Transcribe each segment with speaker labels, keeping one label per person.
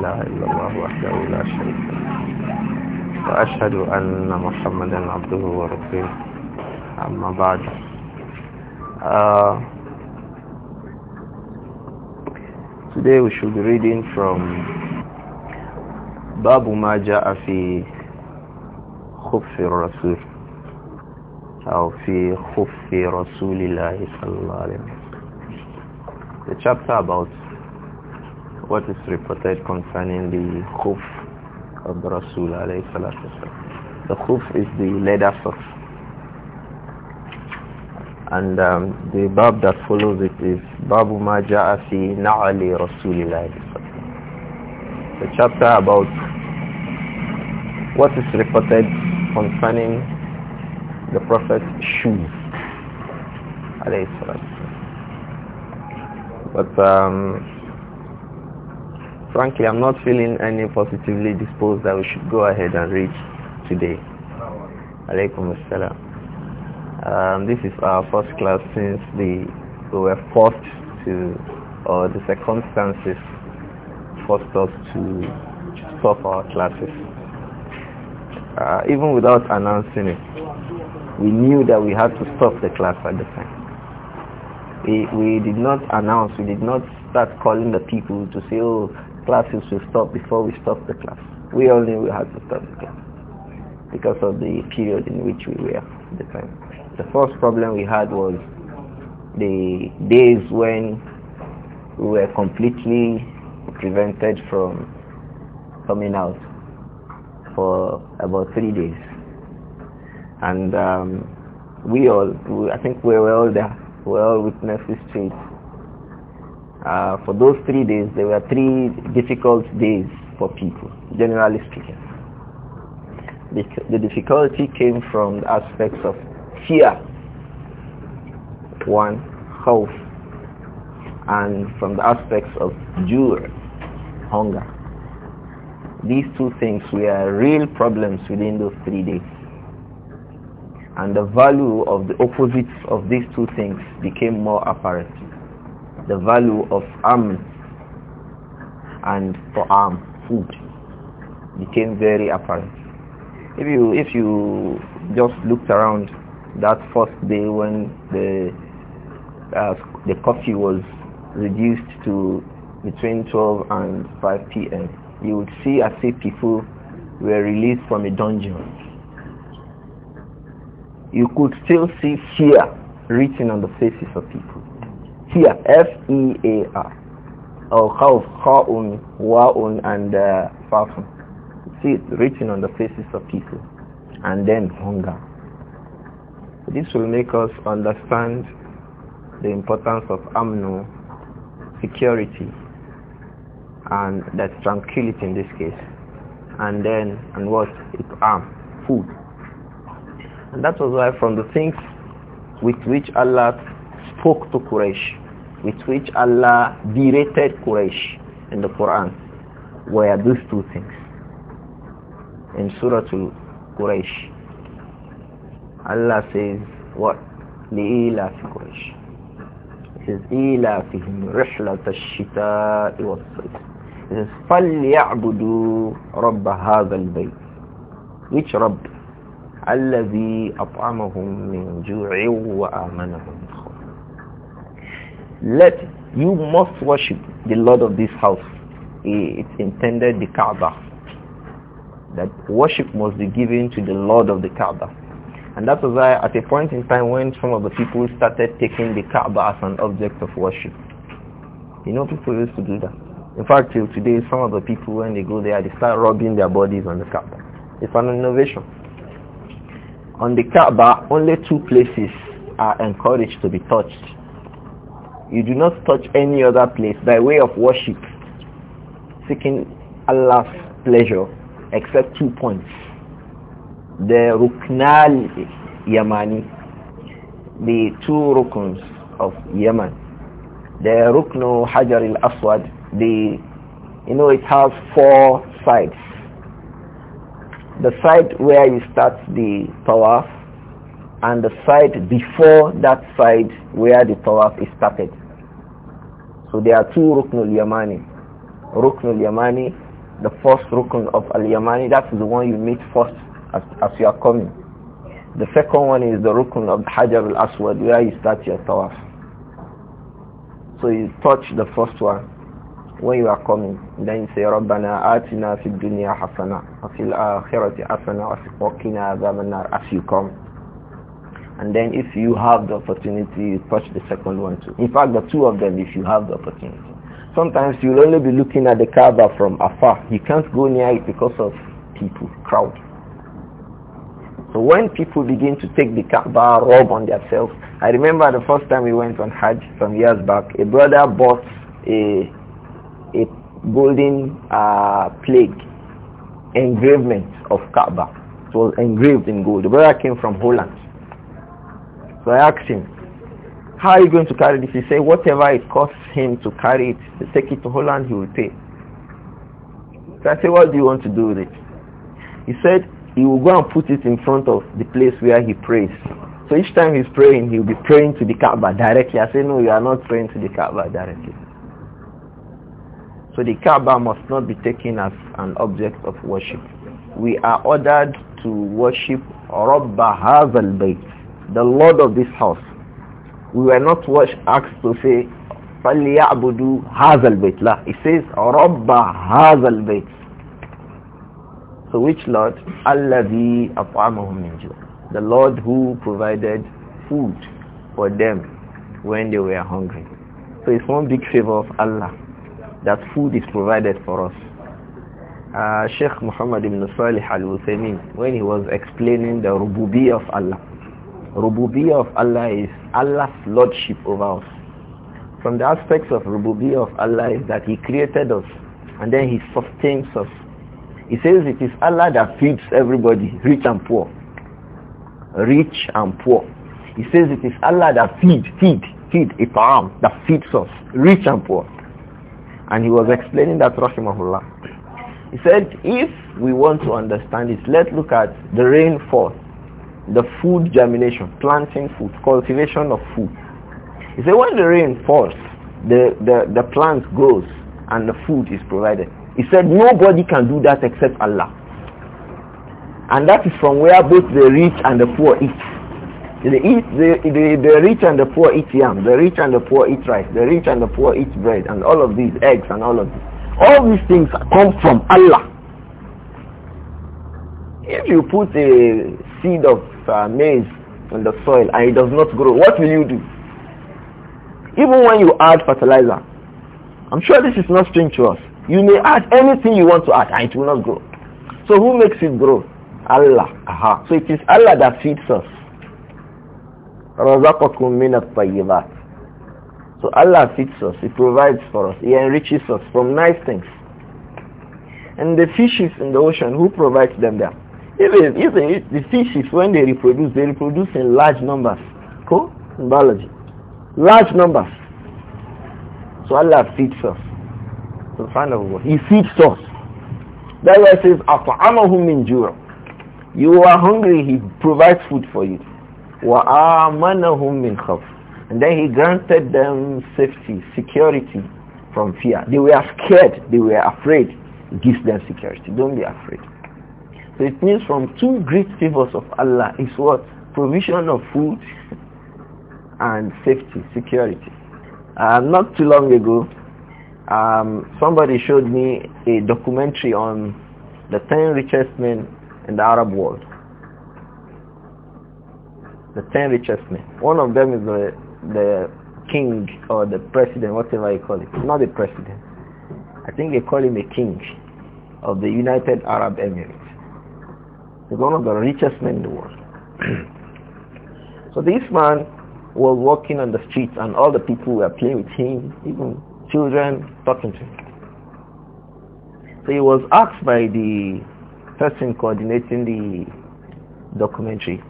Speaker 1: إله إلا الله وحده لا شريك له وأشهد أن محمدا عبده ورسوله أما بعد آه today we should be reading from باب ما جاء في خف الرسول أو في خف رسول الله صلى الله عليه وسلم the chapter about what is reported concerning the khuf of the Rasul alayhi salatu The khuf is the leather socks. And um, the bab that follows it is Babu Maja'a fi Na'ali Rasulillah. The chapter about what is reported concerning the Prophet's shoes. Alayhi salatu But um, Frankly, I'm not feeling any positively disposed that we should go ahead and reach today. Alaikum assalam. Um, this is our first class since the, we were forced to, or the circumstances forced us to stop our classes. Uh, even without announcing it, we knew that we had to stop the class at the time. We, we did not announce, we did not start calling the people to say, oh, classes will stop before we stop the class. We only we had to stop the class because of the period in which we were at the time. The first problem we had was the days when we were completely prevented from coming out for about three days. And um, we all, we, I think we were all there, we all witnesses to it uh, for those three days, there were three difficult days for people, generally speaking. The, the difficulty came from the aspects of fear, one, health, and from the aspects of jur, hunger. These two things were real problems within those three days. And the value of the opposites of these two things became more apparent the value of amn and for arms, food, became very apparent. If you, if you just looked around that first day when the, uh, the coffee was reduced to between 12 and 5 p.m., you would see as if people were released from a dungeon. You could still see fear written on the faces of people fear f e a r or oh, khawf khaun waun and uh, see it written on the faces of people and then hunger this will make us understand the importance of amnu security and that tranquility in this case and then and what it arm food and that was why from the things with which Allah spoke to Quraysh with which Allah berated Quraysh in the Quran were these two things in surah to Quraysh Allah says what lila fi Quraysh is ila fihim rihlat shita shitai was-sayf is falyabudu rabb hadha al-bayt which rabb alladhi at'amahum min ju'in wa amanahum let you must worship the Lord of this house. It's intended the Kaaba. That worship must be given to the Lord of the Kaaba. And that was why at a point in time when some of the people started taking the Kaaba as an object of worship. You know people used to do that. In fact, till today, some of the people when they go there, they start rubbing their bodies on the Kaaba. It's an innovation. On the Kaaba, only two places are encouraged to be touched you do not touch any other place by way of worship, seeking Allah's pleasure, except two points. The Ruknal Yamani, the two Rukuns of Yemen. The Ruknu Hajar al-Aswad, the, you know, it has four sides. The side where you start the Tawaf, and the side before that side where the tawaf is started. So there are two Ruknul Yamani. Ruknul Yamani, the first Rukn of Al-Yamani, that's the one you meet first as, as you are coming. The second one is the Rukn of Hajar al-Aswad, where you start your tawaf. So you touch the first one when you are coming. Then you say, رَبَّنَا آتِنَا فِي الدُّنْيَا حَسَنَةً وَفِي الْآخِرَةِ حَسَنَةً وَقِنَا عَذَابَ النَّارِ As you come. And then if you have the opportunity, you touch the second one too. In fact, the two of them if you have the opportunity. Sometimes you'll only be looking at the Kaaba from afar. You can't go near it because of people, crowd. So when people begin to take the Kaaba, rub on themselves, I remember the first time we went on Hajj some years back, a brother bought a, a golden uh, plague engraving of Kaaba. It was engraved in gold. The brother came from Holland. So I asked him, how are you going to carry this? He said, whatever it costs him to carry it, to take it to Holland, he will pay. So I said, what do you want to do with it? He said, he will go and put it in front of the place where he prays. So each time he's praying, he'll be praying to the Kaaba directly. I said, no, you are not praying to the Kaaba directly. So the Kaaba must not be taken as an object of worship. We are ordered to worship Rabb Hazal Bayt, the Lord of this house. We were not asked to say, فَلْيَعْبُدُوا هَذَا الْبَيْتِ لا. It says, رَبَّ هَذَا الْبَيْتِ So which Lord? الَّذِي أَطْعَمَهُمْ مِنْ The Lord who provided food for them when they were hungry. So it's one big favor of Allah that food is provided for us. Uh, Sheikh Muhammad ibn Salih al-Uthaymeen, when he was explaining the rububi of Allah, Rububiyah of Allah is Allah's lordship over us. From the aspects of Rububiyah of Allah is that He created us and then He sustains us. He says it is Allah that feeds everybody, rich and poor. Rich and poor. He says it is Allah that feeds, if I am that feeds us, rich and poor. And he was explaining that, Rahimahullah. He said, if we want to understand this, let's look at the rainfall the food germination, planting food, cultivation of food. He said when the rain falls, the, the, the plant grows and the food is provided. He said nobody can do that except Allah. And that is from where both the rich and the poor eat. They eat the, the, the rich and the poor eat yam, the rich and the poor eat rice, the rich and the poor eat bread and all of these, eggs and all of these. All these things come from Allah. If you put a seed of uh, maize on the soil and it does not grow, what will you do? Even when you add fertilizer, I'm sure this is not strange to us. You may add anything you want to add and it will not grow. So who makes it grow? Allah. Aha. So it is Allah that feeds us. So Allah feeds us. He provides for us. He enriches us from nice things. And the fishes in the ocean, who provides them there? Even, even the fishes, when they reproduce, they reproduce in large numbers. Cool? In biology. Large numbers. So Allah feeds us. God, He feeds us. That why says, أَطْعَمَهُمْ مِنْ jura." You are hungry, He provides food for you. وَآمَنَهُمْ مِنْ خَوْفٍ And then He granted them safety, security from fear. They were scared, they were afraid. He gives them security. Don't be afraid. So it means from two great favors of Allah is what? Provision of food and safety, security. Uh, not too long ago, um, somebody showed me a documentary on the 10 richest men in the Arab world. The 10 richest men. One of them is the, the king or the president, whatever you call it. Not the president. I think they call him a king of the United Arab Emirates. He's one of the richest men in the world. so this man was walking on the streets and all the people were playing with him, even children talking to him. So he was asked by the person coordinating the documentary,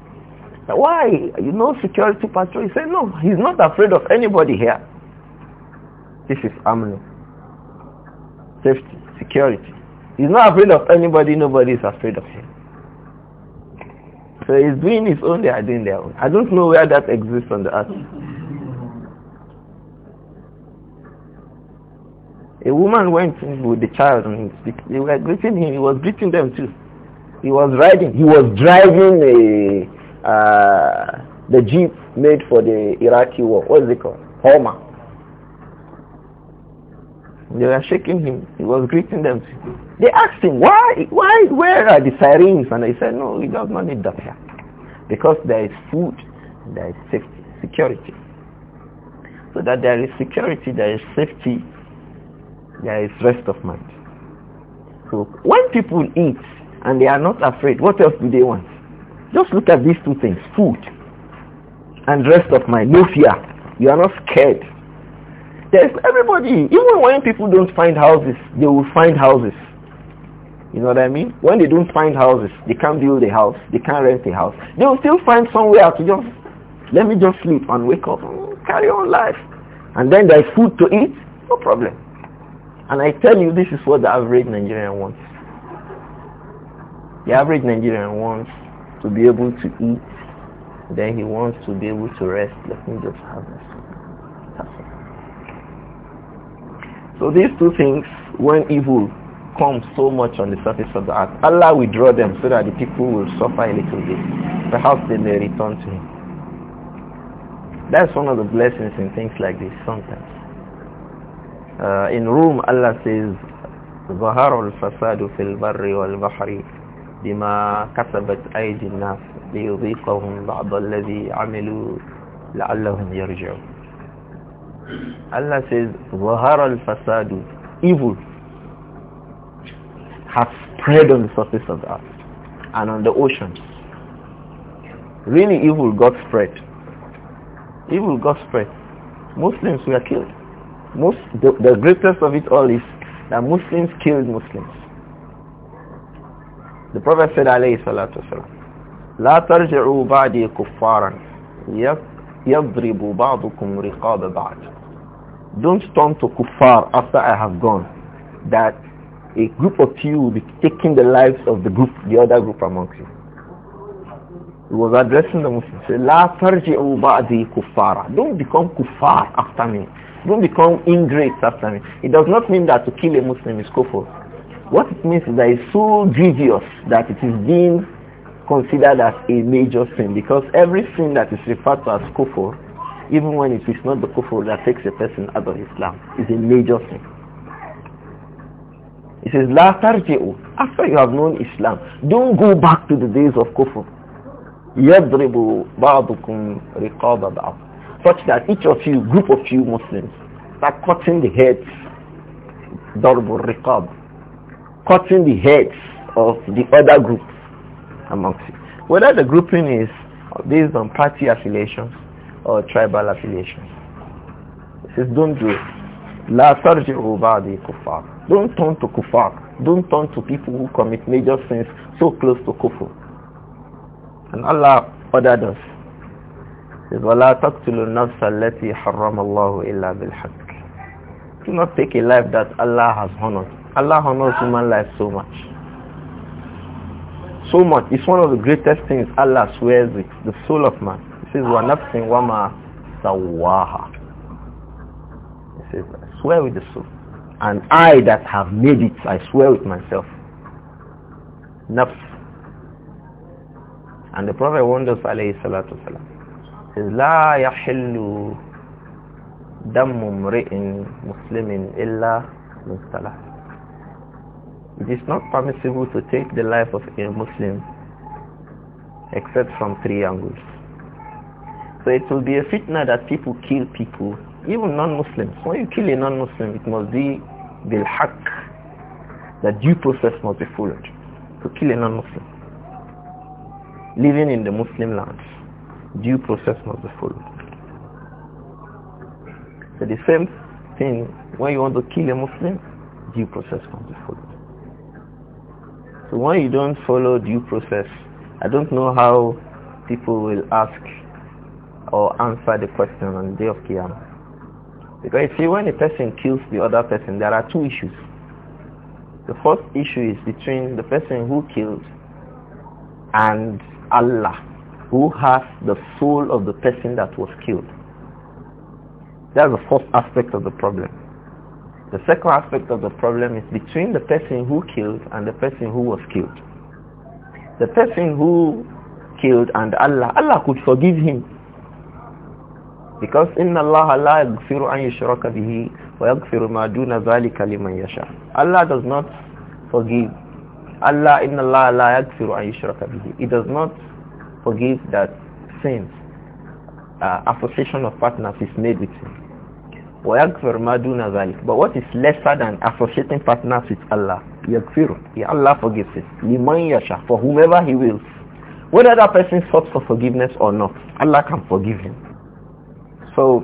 Speaker 1: why, you know security patrol? He said, no, he's not afraid of anybody here. This is AMLO. Safety, security. He's not afraid of anybody, nobody is afraid of him. So he's doing his own, they are doing their own. I don't know where that exists on the earth. A woman went with the child and they were greeting him. He was greeting them too. He was riding. He was driving a, uh, the jeep made for the Iraqi war. What is it called? Homer. They were shaking him. He was greeting them. They asked him, why, why, where are the sirens? And he said, no, we does not need that here. Because there is food, there is safety, security. So that there is security, there is safety, there is rest of mind. So when people eat and they are not afraid, what else do they want? Just look at these two things, food and rest of mind, no fear. You are not scared there's everybody. Even when people don't find houses, they will find houses. You know what I mean? When they don't find houses, they can't build a house, they can't rent a house. They will still find somewhere to just, let me just sleep and wake up, and carry on life. And then there's food to eat, no problem. And I tell you, this is what the average Nigerian wants. The average Nigerian wants to be able to eat, then he wants to be able to rest. Let me just have this. So these two things, when evil comes so much on the surface of the earth, Allah withdraw them so that the people will suffer a little bit. Perhaps they may return to Him. That's one of the blessings in things like this sometimes. Uh, in Rome, Allah says, ظهر الفساد في البر والبحر بما كسبت أيدي الناس ليذيقهم بعض الذي عملوا لعلهم يرجعون Allah says, Zahara al fasad, evil, has spread on the surface of the earth and on the oceans. Really evil got spread. Evil got spread. Muslims were killed. Most, the, the greatest of it all is that Muslims killed Muslims. The Prophet said, alayhi salatu wasalam, لا ترجعوا بعدي كفارا يضرب بعضكم رقاب بعض don't turn to kuffar after I have gone. That a group of you will be taking the lives of the group, the other group amongst you. He was addressing the Muslims. Say, La ba'di kuffara. Don't become kuffar after me. Don't become ingrates after me. It does not mean that to kill a Muslim is kufr. What it means is that it's so grievous that it is being considered as a major sin because every sin that is referred to as kufr even when it is not the kufr that takes a person out of Islam, is a major thing. It says, La tarji'u. After you have known Islam, don't go back to the days of kufr. يَضْرِبُ بَعْضُكُمْ رِقَابَ بَعْضُ Such that each of you, group of you Muslims, start cutting the heads, ضَرْبُ الرِّقَابِ Cutting the heads of the other group amongst you. Whether the grouping is based on party affiliations, or tribal affiliation. He says, don't do it. La over ba'di kuffar. Don't turn to kuffar. Don't turn to people who commit major sins so close to kufr. And Allah ordered us. He says, وَلَا تَقْتُلُوا النَّفْسَ الَّتِي حَرَّمَ اللَّهُ إِلَّا بِالْحَقِّ Do not take a life that Allah has honored. Allah honors human life so much so much. It's one of the greatest things Allah swears with, the soul of man says, wa nafsin wa ma sawaha. He says, I swear with the soul. And I that have made it, I swear with myself. Nafs. And the Prophet warned us, alayhi salatu wasalam, says, "La يحل دم امرئ Muslimin illa Mustalah." it is not permissible to take the life of a Muslim except from three angles. So it will be a fitna that people kill people, even non-Muslims. When you kill a non-Muslim, it must be bil that due process must be followed to kill a non-Muslim. Living in the Muslim lands, due process must be followed. So the same thing, when you want to kill a Muslim, due process must be followed. So when you don't follow due process, I don't know how people will ask or answer the question on the day of Qiyamah. Because you see, when a person kills the other person, there are two issues. The first issue is between the person who killed and Allah, who has the soul of the person that was killed. That's the first aspect of the problem. The second aspect of the problem is between the person who killed and the person who was killed. The person who killed and Allah, Allah could forgive him because إِنَّ اللَّهَ لَا يَغْفِرُ أَنْ يُشْرَكَ wa وَيَغْفِرُ مَا دُونَ ذَلِكَ لِمَنْ يَشَاءُ Allah does not forgive. Allah Inna اللَّهَ لَا يَغْفِرُ أَنْ يُشْرَكَ He does not forgive that sins, uh, association of partners is made with him. وَيَغْفِرُ مَا دُونَ ذَلِكَ But what is lesser than associating partners with Allah? يَغْفِرُ yeah, Allah forgives it. لِمَنْ يَشَاءُ For whomever He wills. Whether that person sought for forgiveness or not, Allah can forgive him. So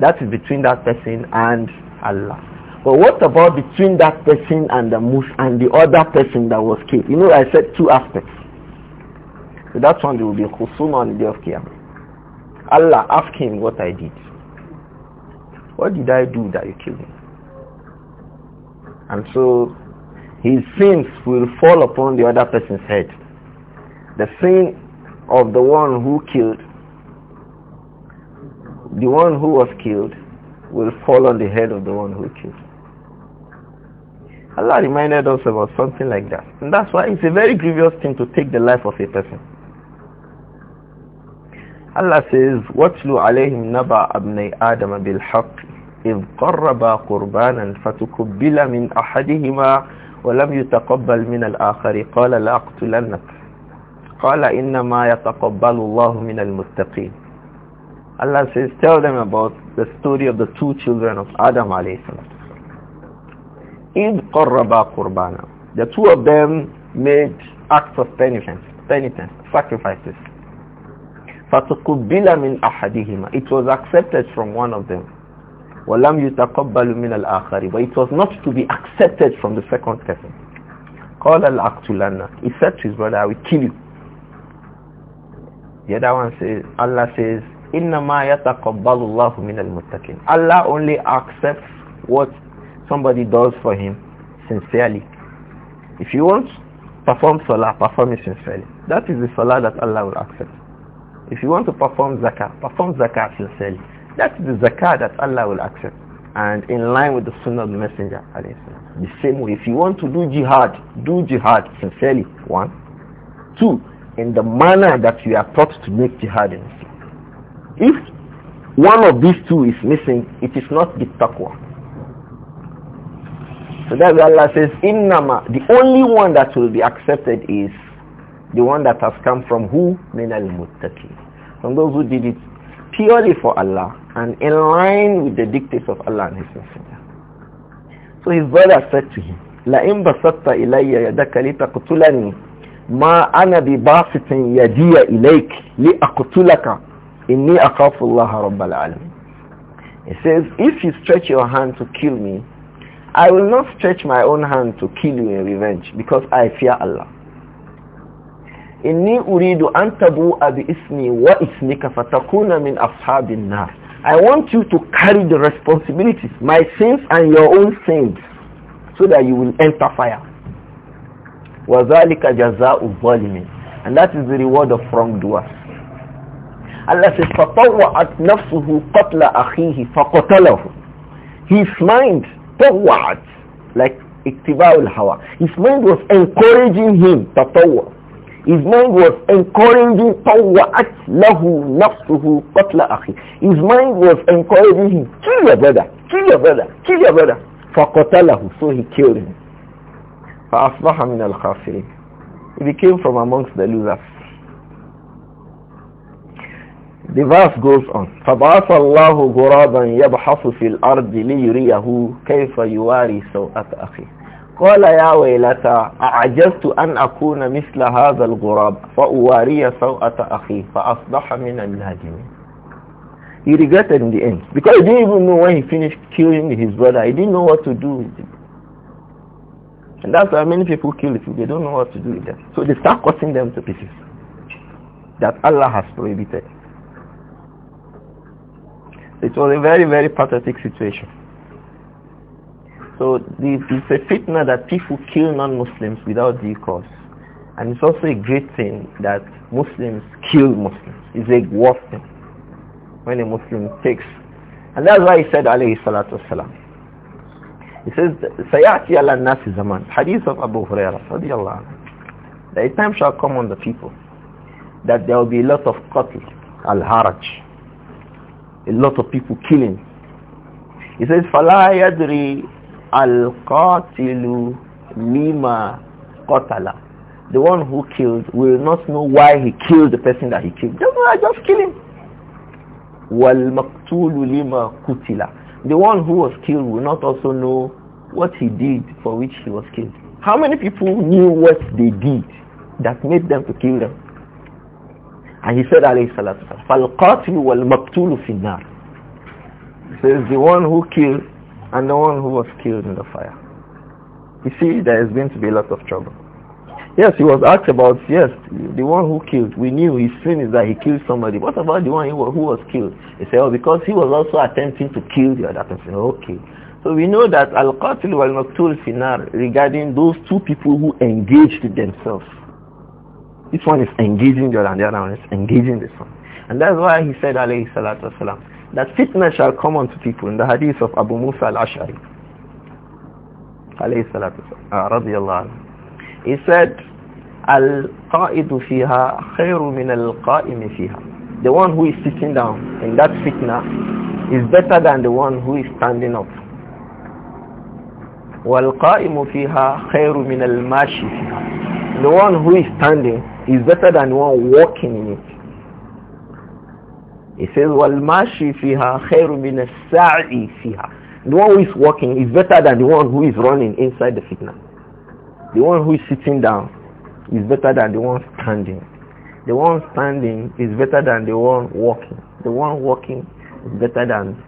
Speaker 1: that is between that person and Allah. But what about between that person and the mus and the other person that was killed? You know, I said two aspects. So that one will be a khusuma on the day of Qiyamah. Allah, ask him what I did. What did I do that you killed me? And so his sins will fall upon the other person's head. The sin of the one who killed the one who was killed will fall on the head of the one who killed. Allah reminded us about something like that. And that's why it's a very grievous thing to take the life of a person. Allah says, وَاتْلُوا عَلَيْهِمْ نَبَعَ أَبْنَيْ آدَمَ بِالْحَقِّ إِذْ قَرَّبَا قُرْبَانًا فَتُكُبِّلَ مِنْ أَحَدِهِمَا ولم يتقبل من الآخر قال لأقتلنك قال إنما يتقبل الله من المتقين Allah says, tell them about the story of the two children of Adam alayhi salam. إِذْ قَرَّبَا The two of them made acts of penitence, penitence, sacrifices. فَتُقُبِّلَ مِنْ أَحَدِهِمَا It was accepted from one of them. وَلَمْ يُتَقَبَّلُ مِنَ الْآخَرِ But it was not to be accepted from the second person. قَالَ الْأَقْتُلَنَّ He said to his brother, I will kill you. The other one says, Allah says, Allah only accepts what somebody does for him sincerely. If you want, perform salah, perform it sincerely. That is the salah that Allah will accept. If you want to perform zakah, perform zakah sincerely. That is the zakah that Allah will accept. And in line with the sunnah of the messenger, the same way, if you want to do jihad, do jihad sincerely, one. Two, in the manner that you are taught to make jihad in Islam. If one of these two is missing, it is not the taqwa. So that's why Allah says, Innama, the only one that will be accepted is the one that has come from who? Min al muttaqi. From those who did it purely for Allah and in line with the dictates of Allah and His Messenger. So his brother said to him, La in basatta ilayya yadaka li taqtulani ma ana bi basitin yadiya ilayk li aqtulaka Inni akhafullah rabbal alamin. He says, if you stretch your hand to kill me, I will not stretch my own hand to kill you in revenge because I fear Allah. Inni uridu an tabu'a bi ismi wa ismika fatakuna min ashabin nar. I want you to carry the responsibilities, my sins and your own sins, so that you will enter fire. Wa جَزَاءُ الظَّالِمِينَ And that is the reward of wrongdoers. Allah says, فَطَوَّعَتْ نَفْسُهُ قَتْلَ أَخِيهِ فَقَتَلَهُ His mind, طَوَّعَتْ, like iktiba'ul hawa. His mind was encouraging him, tatawwa. His mind was encouraging tawwa'at lahu nafsuhu qatla akhi. His mind was encouraging him, kill your brother, kill your brother, kill your brother. فَقَتَلَهُ So he killed him. فَأَصْبَحَ al الْخَاسِرِينَ He became from amongst the losers. The verse goes on. فَبَعَثَ اللَّهُ غُرَابًا يَبْحَثُ فِي الْأَرْضِ لِيُرِيَهُ كَيْفَ يُوَارِي سَوْءَةَ أَخِيهِ قال يا ويلتا أعجزت أن أكون مثل هذا الغراب فأواري سوءة أخي فأصبح من الهاجمين He regretted in the end because he didn't even know when he finished killing his brother. He didn't know what to do with him. And that's why many people kill people. They don't know what to do with them. So they start cutting them to pieces that Allah has prohibited. It was a very, very pathetic situation. So the, it's a fitna that people kill non-Muslims without due cause. And it's also a great thing that Muslims kill Muslims. It's a worse thing when a Muslim takes. And that's why he said, alayhi salatu wasalam. He says, Sayati ala nasi zaman. Hadith of Abu Hurairah, radiallahu anhu. The time shall come on the people that there will be a lot of qatl, al-haraj a lot of people killing. He says, "Falayadri al الْقَاتِلُ lima qatala. The one who killed will not know why he killed the person that he killed. Just, I just kill him. وَالْمَقْتُولُ لِمَا kutila. The one who was killed will not also know what he did for which he was killed. How many people knew what they did that made them to kill them? And he said, alayhi salatu فَالْقَاتِلُ وَالْمَقْتُولُ فِي النَّارِ He says, the one who killed and the one who was killed in the fire. You see, there is going to be a lot of trouble. Yes, he was asked about, yes, the one who killed. We knew his sin is that he killed somebody. What about the one who was killed? He said, oh, because he was also attempting to kill the other person. Okay. So we know that al-qatil wal-maktul finar regarding those two people who engaged themselves this one is engaging the other and the other one is engaging this one. And that's why he said, alayhi salatu wasalam, that fitness shall come unto people in the hadith of Abu Musa al-Ash'ari. Alayhi salatu wasalam, uh, He said, al-qa'idu fiha khayru min al-qa'imi fiha. The one who is sitting down in that fitna is better than the one who is standing up. وَالْقَائِمُ فِيهَا خَيْرٌ مِنَ الْمَاشِي فِيهَا The one who is standing is better than one walking in it. He says, وَالْمَاشِي فِيهَا خَيْرٌ مِنَ السَّعِي فِيهَا The one who is walking is better than the one who is running inside the fitna. The one who is sitting down is better than the one standing. The one standing is better than the one walking. The one walking is better than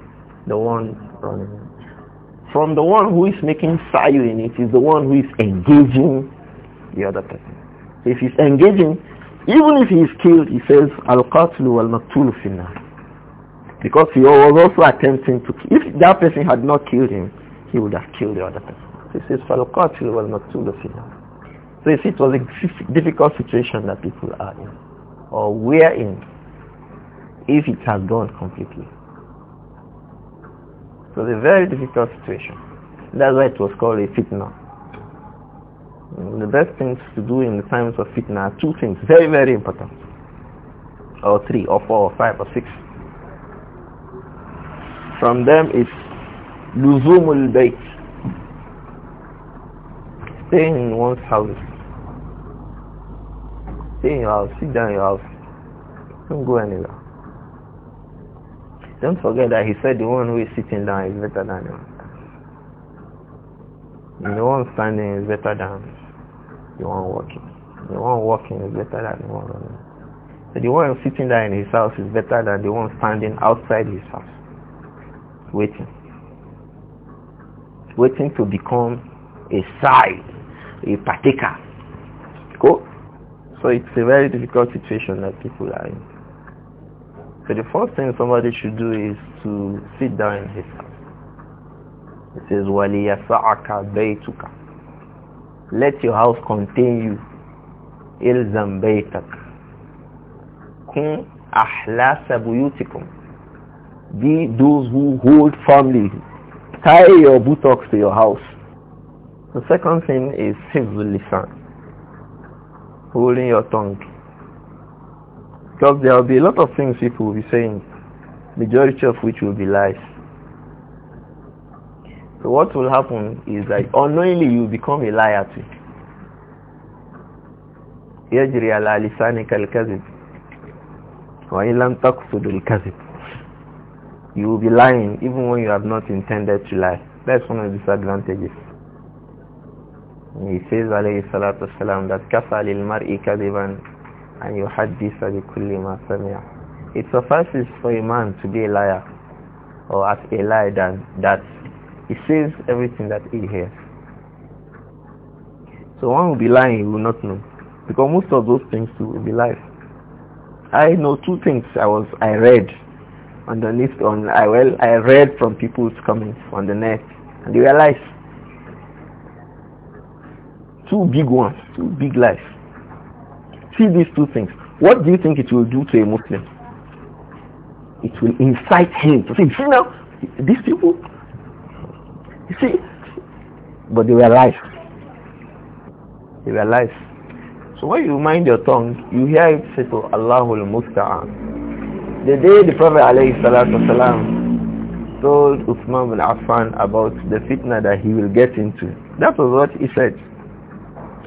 Speaker 1: the one running. From the one who is making sa'i in it is the one who is engaging the other person. If he's engaging, even if he is killed, he says, Al-Qatlu wal-Maktulu finna. Because he was also attempting to kill. If that person had not killed him, he would have killed the other person. He says, Fal-Qatlu wal-Maktulu finna. So you see, it was a difficult situation that people are in, or were in, if it has gone completely. So was a very difficult situation. That's why it was called a fitna. The best things to do in the times of fitna are two things, very, very important. Or three, or four, or five, or six. From them is luzumul bayt. Staying in one's house. Stay in your house, sit down in your house. Don't go anywhere. Don't forget that he said the one who is sitting down is better than the one. The one standing is better than the one walking. The one walking is better than the one running. So the one sitting there in his house is better than the one standing outside his house, waiting. Waiting to become a side, a partaker. Cool. So it's a very difficult situation that people are in. So the first thing somebody should do is to sit down in his house it says, وَلِيَسَعَكَ بَيْتُكَ Let your house contain you. إِلْزَمْ بَيْتَكَ Kun ahlasa buyutikum. Be those who hold firmly. Tie your buttocks to your house. The second thing is civilly lisan, holding your tongue. Because there will be a lot of things people will be saying, majority of which will be lies. So what will happen is that unknowingly you become a liar too. يجري على لسانك الكذب وإن لم تقصد الكذب You will be lying even when you have not intended to lie. That's one of the disadvantages. He says عليه الصلاة والسلام that كفى للمرء كذبا أن يحدث بكل ما سمع. It suffices for a man to be a liar or as a liar than that he says everything that he hears. So one will be lying, he will not know. Because most of those things too will be lies. I know two things I was I read on the on I well I read from people's comments on the net and they were lies. Two big ones, two big lies. See these two things. What do you think it will do to a Muslim? It will incite him to say, see now, these people, you see, but they were alive. They were alive. So when you mind your tongue, you hear it say to Allahul Musta'an. The day the Prophet salam told Uthman bin Affan about the fitna that he will get into, that was what he said.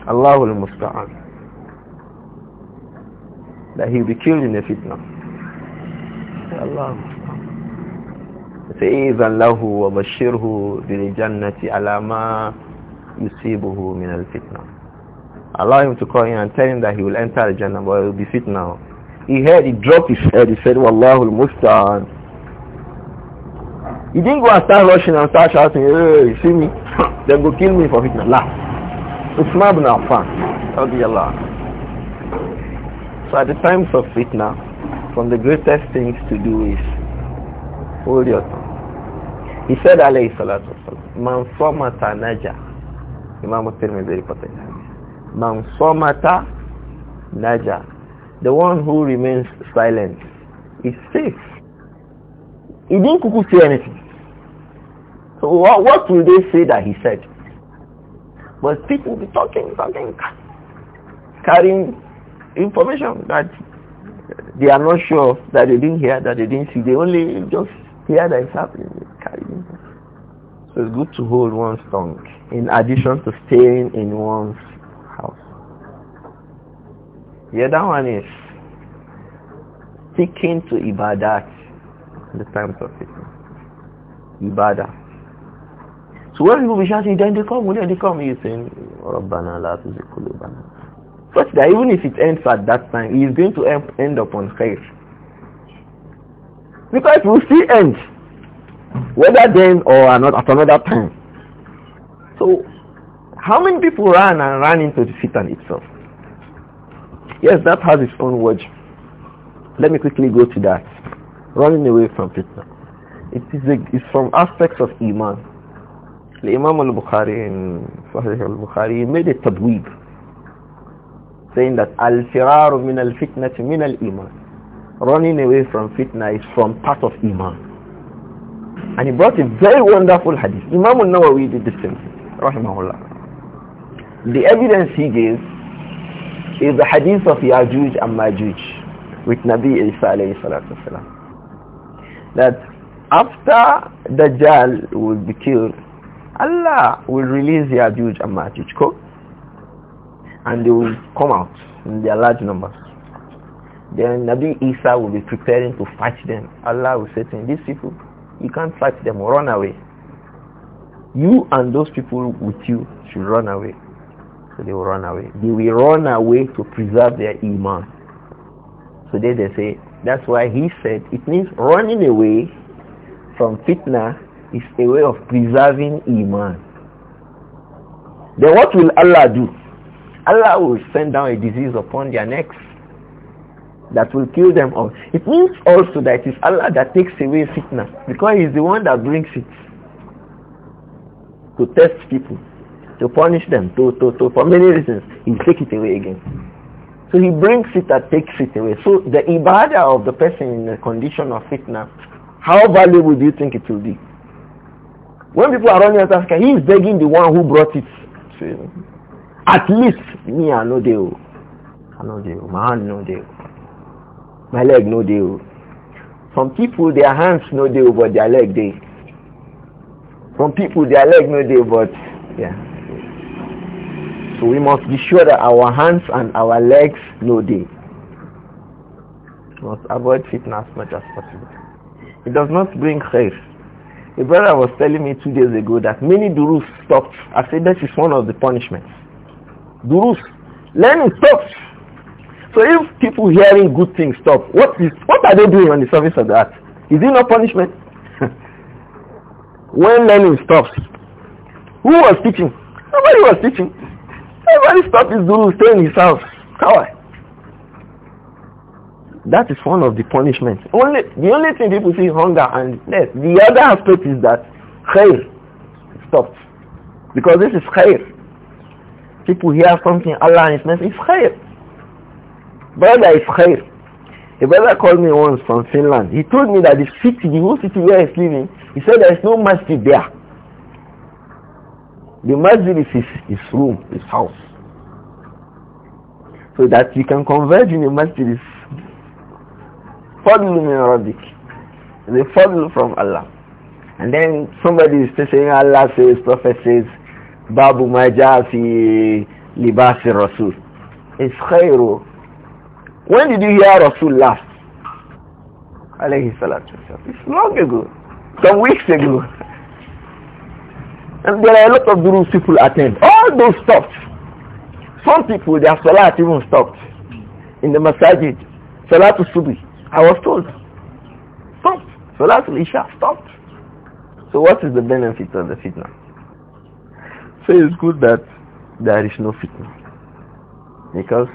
Speaker 1: Allahul Musta'an. That he will be killed in the fitna. Allah. فإذن له وبشره بالجنة على ما يصيبه من الفتنة allow him to call in and tell him that he will enter the Jannah but he will be fitna he heard he dropped his head he said Wallahu al-musta'an he didn't go and start rushing and start shouting hey you see me they go kill me for fitna la Uthman ibn Affan so at the times of fitna from the greatest things to do is hold your tongue he said, alayhi salatu wasalam, man somata naja. Imam al-Tirmidhi reported. Man somata naja. The one who remains silent is safe. He didn't kuku say anything. So what, what will they say that he said? But people be talking, talking, carrying information that they are not sure that they didn't hear, that they didn't see. They only just here that is is carrying. So it's good to hold one's tongue in addition to staying in one's house. The other one is sticking to ibadat in the times of it. Ibadah. So when people be shouting, then they come, then they come, you saying, Rabbana la tuzikulubana. Such that even if it ends at that time, he is going to end up on faith. Because we see end. Whether then or not at another time. So how many people ran and ran into the fitan itself? Yes, that has its own word. Let me quickly go to that. Running away from fitnah. It is a, it's from aspects of Iman. The Imam al-Bukhari in Sahih al-Bukhari made a tabweeb saying that al-firaru min al fitnah min al-iman running away from fitna is from part of Iman. And he brought a very wonderful hadith. Imam al-Nawawi did the same thing. Rahimahullah. The evidence he gave is the hadith of Yajuj and Majuj with Nabi Isa alayhi salatu wasalam. That after Dajjal will be killed, Allah will release Yajuj and Majuj. And they will come out in their large numbers. Then Nabi Isa will be preparing to fight them. Allah will say to him, these people, you can't fight them, run away. You and those people with you should run away. So they will run away. They will run away to preserve their iman. So then they say, that's why he said, it means running away from fitna is a way of preserving iman. Then what will Allah do? Allah will send down a disease upon their necks that will kill them all. It means also that it is Allah that takes away fitna because He is the one that brings it to test people, to punish them, to, to, to for many reasons. He takes it away again. So he brings it and takes it away. So the ibadah of the person in the condition of fitna, how valuable do you think it will be? When people are running out asking, he is begging the one who brought it. So, at least me, I know they will. I know they will. Man, I know they will my leg no dey o oh. some people their hands no dey o oh, but their leg dey some people their leg no dey but yeah so we must be sure that our hands and our legs no dey must avoid fitna as much as possible it does not bring health a brother was telling me two days ago that many durus stopped i said that is one of the punishments durus learning stopped so if people hearing good things stop, what is what are they doing on the surface of that? Is it not punishment? when learning stops, who was teaching? Nobody was teaching. Everybody stopped his guru, staying in his house. How? That is one of the punishments. Only the only thing people see hunger and death. The other aspect is that khair stopped. Because this is khair. People hear something, Allah is message, it's khair. Brother is khair. A brother called me once from Finland. He told me that the city, the whole city where he's living, he said there is no masjid there. The masjid is his, his room, his house. So that you can converge in the masjid is fadl min rabbik. The from Allah. And then somebody is saying Allah says, Prophet says, Babu Majafi Libasi Rasul. It's khairu when did you hear Rasul last? Alayhi salatu It's long ago. Some weeks ago. and there are a lot of durus people attend. All those stopped. Some people, their salat even stopped. In the masajid, salatul subi. I was told. Stopped. Salatul isha stopped. So what is the benefit of the fitna? So it's good that there is no fitna. Because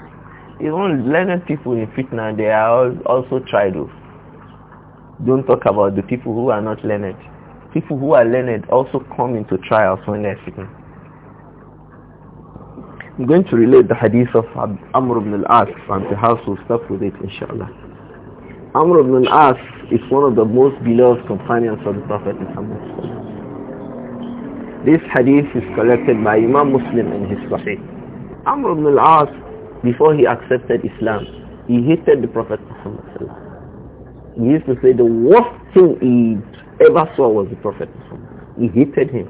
Speaker 1: even learned people in fitna, they are also tried of. Oh. Don't talk about the people who are not learned. People who are learned also come into trials when they're fitna. I'm going to relate the hadith of Amr ibn al-As and the house will start with it inshallah. Amr ibn al-As is one of the most beloved companions of the Prophet Muhammad. This hadith is collected by Imam Muslim in his Sahih. Amr ibn al-As before he accepted Islam, he hated the Prophet Muhammad. He used to say the worst thing he ever saw was the Prophet Muhammad. He hated him.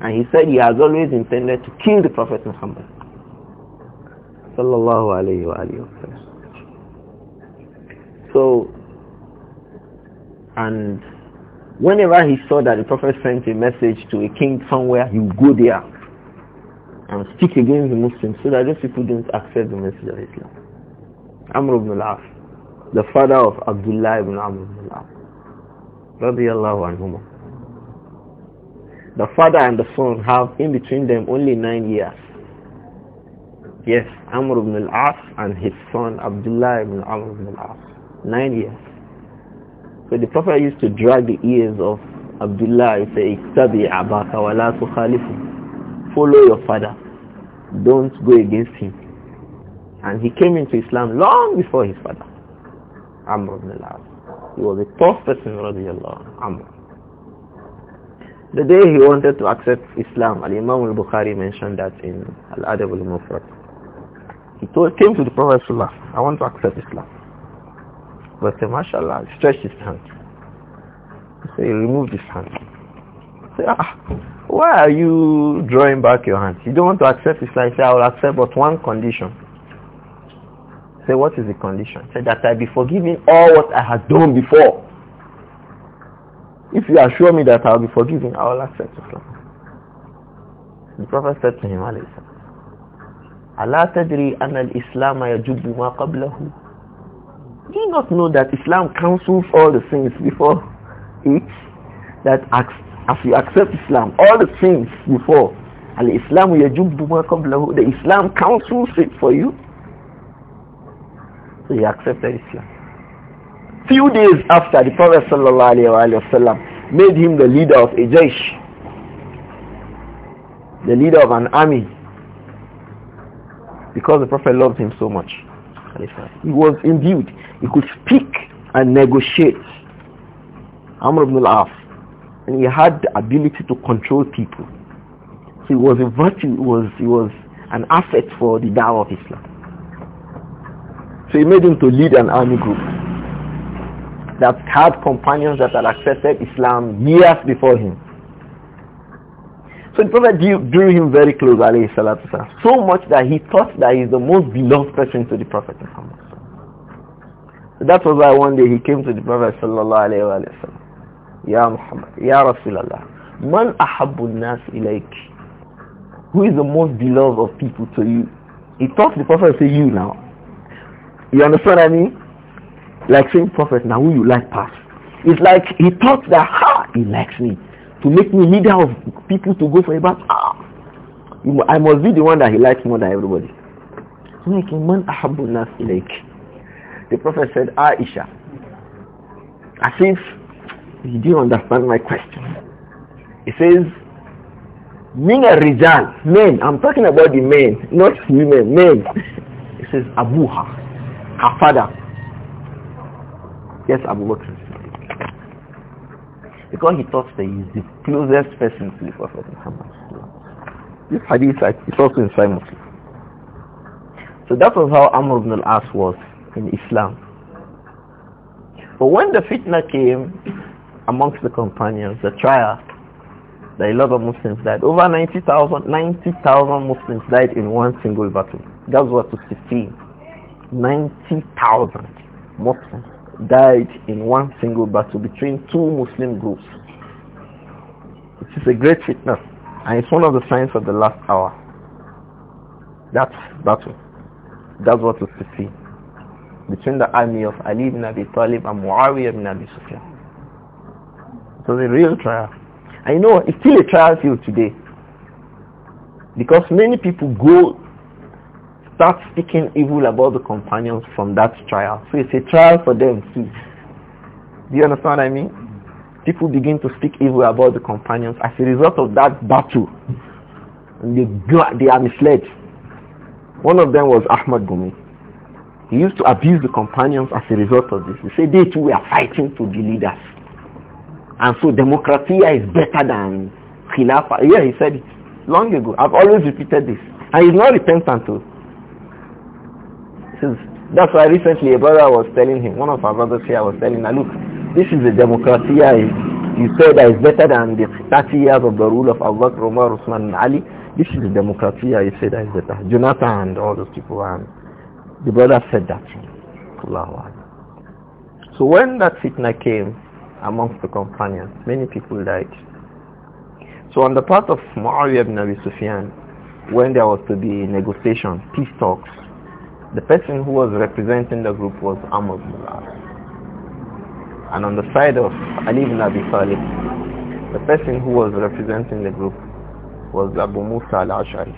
Speaker 1: And he said he has always intended to kill the Prophet Muhammad. Sallallahu alayhi wa alayhi wa So, and whenever he saw that the Prophet sent a message to a king somewhere, he would go there and speak against the Muslims so that those people don't accept the message of Islam. Amr ibn al-As, the father of Abdullah ibn Amr ibn al-As, radiyallahu anhumah. The father and the son have in between them only nine years. Yes, Amr ibn al-As and his son Abdullah ibn Amr ibn al-As. Nine years. So the Prophet used to drag the ears of Abdullah, he said, Iktabi abaka Follow your father. Don't go against him. And he came into Islam long before his father. Amr ibn al-As. He was a tough person, radiallahu Amr. The day he wanted to accept Islam, Al-Imam al-Bukhari mentioned that in Al-Adab al-Mufrad. He told, came to the Prophet I want to accept Islam. But the mashallah, stretched his hand. So he removed his hand. He said, ah, why are you drawing back your hands? You don't want to accept Islam. Say, I will accept but one condition. Say, what is the condition? Say, that I be forgiven all what I had done before. If you assure me that I will be forgiven, I will accept Islam. The Prophet said to him, Allah tadri anna al-Islam yajubu ma qablahu. Do you not know that Islam cancels all the sins before it that as you accept Islam, all the things before, and islam to ma qablahu, the Islam counsels it for you. So you accepted Islam. Few days after, the Prophet sallallahu made him the leader of a jaysh, the leader of an army, because the Prophet loved him so much. He was imbued. He could speak and negotiate. Amr ibn al-Af and he had the ability to control people. So it was a virtue, it was, he was an asset for the Dawah of Islam. So he made him to lead an army group that had companions that had accepted Islam years before him. So the Prophet drew him very close, alayhi salatu so much that he thought that he's the most beloved person to the Prophet Muhammad. So that was why one day he came to the Prophet sallallahu alayhi wa Ya Muhammad, Ya Rasulallah, Man ahabbu nas ilayk? Who is the most beloved of people to you? He talks to the Prophet say, you now. You understand what I mean? Like saying, Prophet, now who you like past? It's like he thought that, ha, he likes me. To make me leader of people to go for a bath, ah, I must be the one that he likes more than everybody. So he Man ahabbu nas The Prophet said, Aisha, as if did not understand my question? He says, Min Rijal, men, I'm talking about the men, not women, men. He says, Abuha, her father. Yes, Abu Bakr. Because he thought that he's the closest person to the Prophet Muhammad. This hadith is also in Sahih So that was how Amr ibn al-As was in Islam. But when the fitna came, amongst the companions, the trial, that a lot of Muslims died. Over 90,000 90, Muslims died in one single battle. That's what to see. 90,000 Muslims died in one single battle between two Muslim groups. It is a great fitness and it's one of the signs of the last hour. That battle. That's what to see between the army of Ali ibn Abi Talib and Muawiyah ibn Abi Sufyan. It was a real trial. I know it's still a trial field today. Because many people go start speaking evil about the companions from that trial. So it's a trial for them too. Do you understand what I mean? People begin to speak evil about the companions as a result of that battle. And they, they are misled. One of them was Ahmad Gumi. He used to abuse the companions as a result of this. He said they too were fighting to be leaders. And so democracy is better than Khilafah. Yeah, he said it long ago. I've always repeated this. And he's not repentant too. Says, that's why recently a brother was telling him, one of our brothers here was telling him, look, this is a democracy. You said that it's better than the 30 years of the rule of Allah, Umar, Usman, and Ali. This is a democracy. You say that it's better. Jonathan and all those people. And the brother said that. So when that fitna came, amongst the companions. Many people died. So on the part of Muawiyah ibn Abi Sufyan, when there was to be negotiation, peace talks, the person who was representing the group was Amr ibn al And on the side of Ali ibn Abi Talib, the person who was representing the group was Abu Musa al-Ash'ari.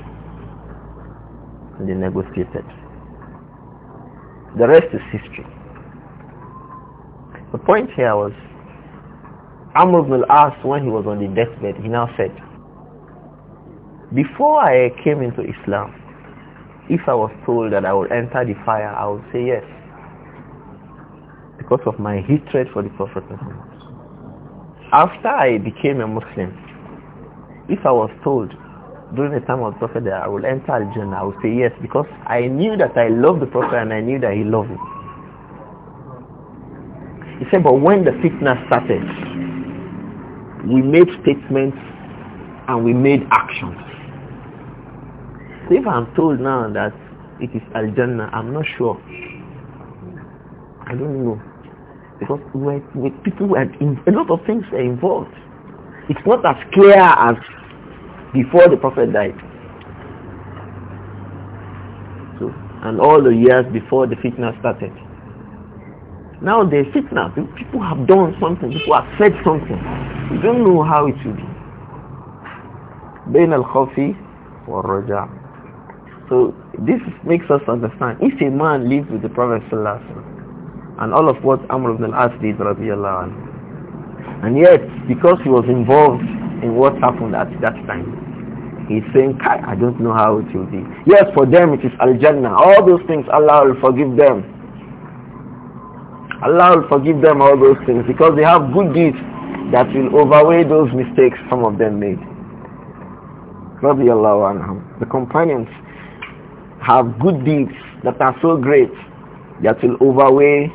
Speaker 1: They negotiated. The rest is history. The point here was Amr ibn al-As, when he was on the deathbed, he now said, before I came into Islam, if I was told that I would enter the fire, I would say yes. Because of my hatred for the Prophet Muhammad. After I became a Muslim, if I was told during the time of the Prophet that I would enter Al-Jannah, I would say yes because I knew that I loved the Prophet and I knew that he loved me. He said, but when the fitness started, we made statements and we made actions. So if I'm told now that it is Al-Jannah, I'm not sure. I don't know. Because with, with people, were in, a lot of things are involved. It's not as clear as before the Prophet died. So, and all the years before the fitness started. Now they sit now. people have done something, people have said something. You don't know how it will be. Khafi or Roger. So this makes us understand, if a man lives with the Prophet and all of what Amr ibn al-As did, and yet, because he was involved in what happened at that time, He's saying, I don't know how it will be. Yes, for them it is Al-Jannah. All those things Allah will forgive them. Allah will forgive them all those things because they have good deeds that will outweigh those mistakes some of them made. The companions have good deeds that are so great that will outweigh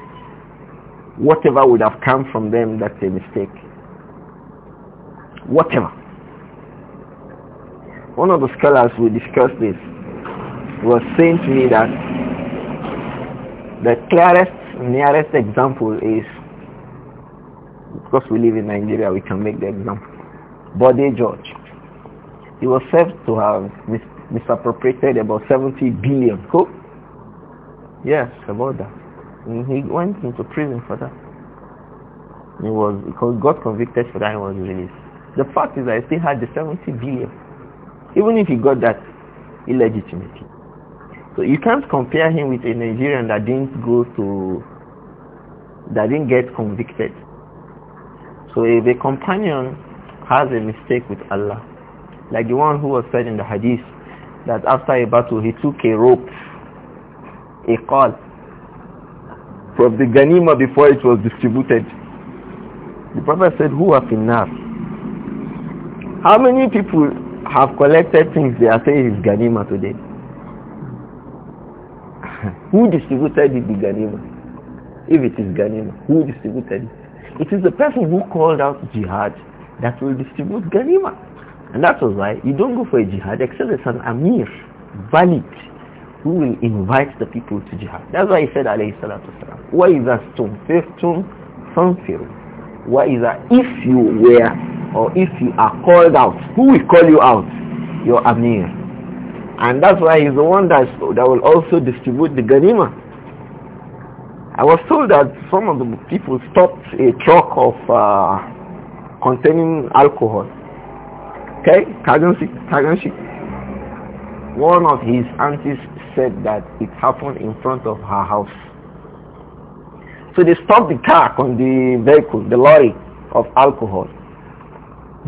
Speaker 1: whatever would have come from them that's a mistake. Whatever. One of the scholars who discussed this was saying to me that the clearest nearest example is, because we live in Nigeria, we can make the example. Bode George. He was said to have mis misappropriated about 70 billion. Who? Yes, about that. And he went into prison for that. He was because got convicted for that and was released. The fact is I still had the 70 billion. Even if he got that illegitimately. So you can't compare him with a Nigerian that didn't go to, that didn't get convicted. So if a companion has a mistake with Allah, like the one who was said in the hadith, that after a battle he took a rope, a call, from the ganima before it was distributed. The Prophet said, who have enough? How many people have collected things they are saying is ganima today? who distributed it the Ghanima? If it is Ghanima, who distributed it? It is the person who called out jihad that will distribute Ghanima. And that was why you don't go for a jihad except there's an Amir, valid, who will invite the people to jihad. That's why he said, alayhi salatu wasalam, وَإِذَا سُنْفِرْتُمْ فَانْفِرُوا that? If you were or if you are called out, who will call you out? Your Amir. And that's why he's the one that, that will also distribute the ganima. I was told that some of the people stopped a truck of uh, containing alcohol. Okay, Kaganshi, One of his aunties said that it happened in front of her house. So they stopped the car on the vehicle, the lorry of alcohol.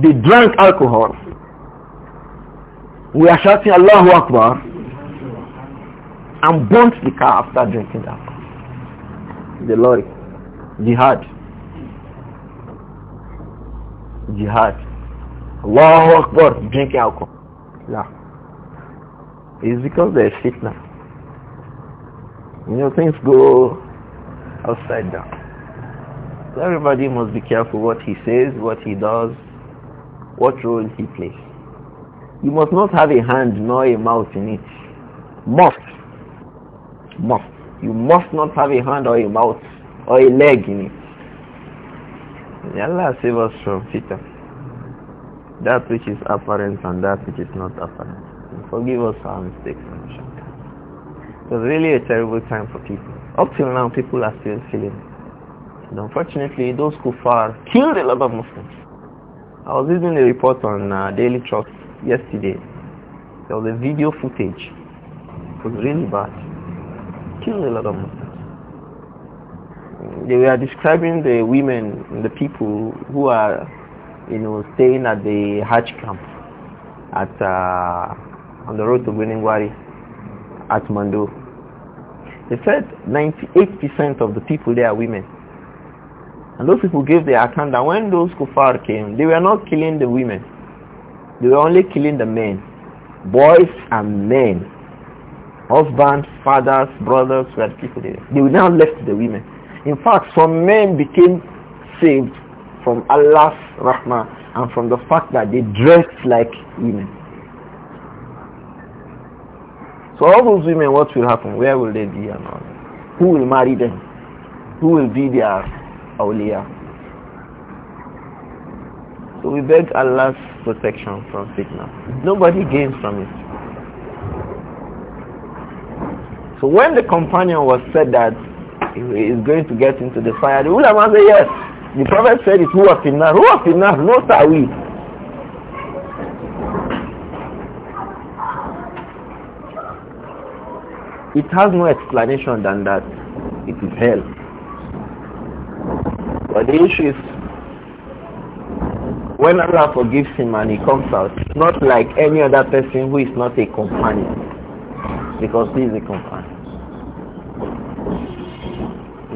Speaker 1: They drank alcohol we are shouting Allahu Akbar and burnt the car after drinking that. The lorry. Jihad. Jihad. Allahu Akbar. Drinking alcohol. Yeah. It's because they're fitna. You know, things go upside down. So everybody must be careful what he says, what he does, what role he plays. You must not have a hand nor a mouth in it. Must. Must. You must not have a hand or a mouth or a leg in it. May Allah save us from fitna. That which is apparent and that which is not apparent. forgive us our mistakes and shortcuts. It was really a terrible time for people. Up till now, people are still feeling it. And unfortunately, those kuffar killed a lot of Muslims. I was reading a report on uh, Daily Trust yesterday. There was a video footage. It was really bad. Killed a lot of Muslims. They were describing the women, the people who are, you know, staying at the Hajj camp at uh, on the road to Gwenengwari at Mando. They said 98% of the people there are women. And those people gave their account that when those kuffar came, they were not killing the women. They were only killing the men, boys and men, husbands, fathers, brothers were people there. They were now left the women. In fact, some men became saved from Allah's rahmah and from the fact that they dressed like women. So all those women, what will happen? Where will they be and all? Who will marry them? Who will be their awliya? So we beg Allah's protection from fitna. Nobody gains from it. So when the companion was said that he is going to get into the fire, the ulama say yes. The prophet said it, who was in that? Who was in that? No, we. It has no explanation than that. It is hell. But the issue is when Allah forgives him and he comes out, not like any other person who is not a companion, because he is a companion.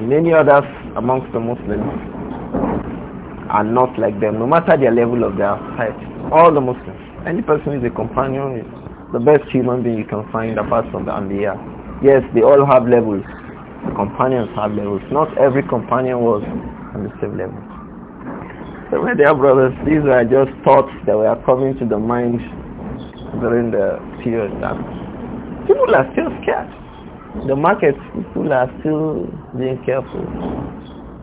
Speaker 1: Many others amongst the Muslims are not like them, no matter their level of their height. All the Muslims, any person who is a companion the best human being you can find apart from the Anbiya. Yes, they all have levels. The companions have levels. Not every companion was on the same level. So my dear brothers, these are just thoughts that were coming to the mind during the period that people are still scared. The market people are still being careful,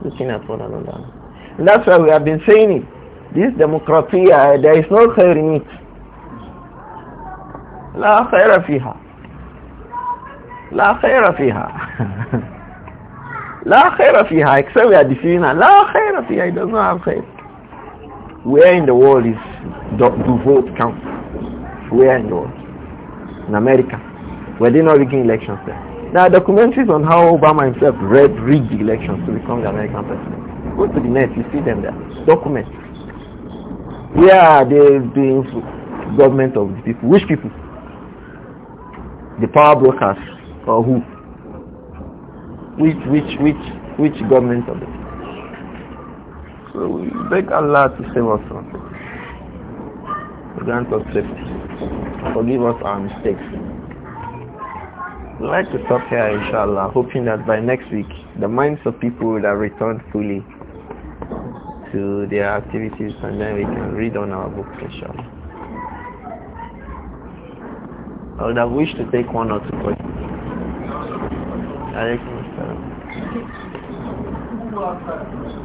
Speaker 1: looking at one another. And that's why we have been saying it. This democracy, uh, there is no khair in it. لا خير فيها لا خير فيها لا خير فيها except we are defeating لا خير فيها it does not have خير where in the world is the, the vote count? Where in the world? In America. Were they not rigging elections there? There are documentaries on how Obama himself read, rigged the elections to become the American president. Go to the net, you see them there. Documents. Yeah, they the government of the people. Which people? The power brokers or who? Which which which which government of the so we beg Allah to save us from Grant us safety. Forgive us our mistakes. We'd like to stop here inshallah, hoping that by next week the minds of people will have returned fully to their activities and then we can read on our book inshallah. I would have wished to take one or two questions. Alaikum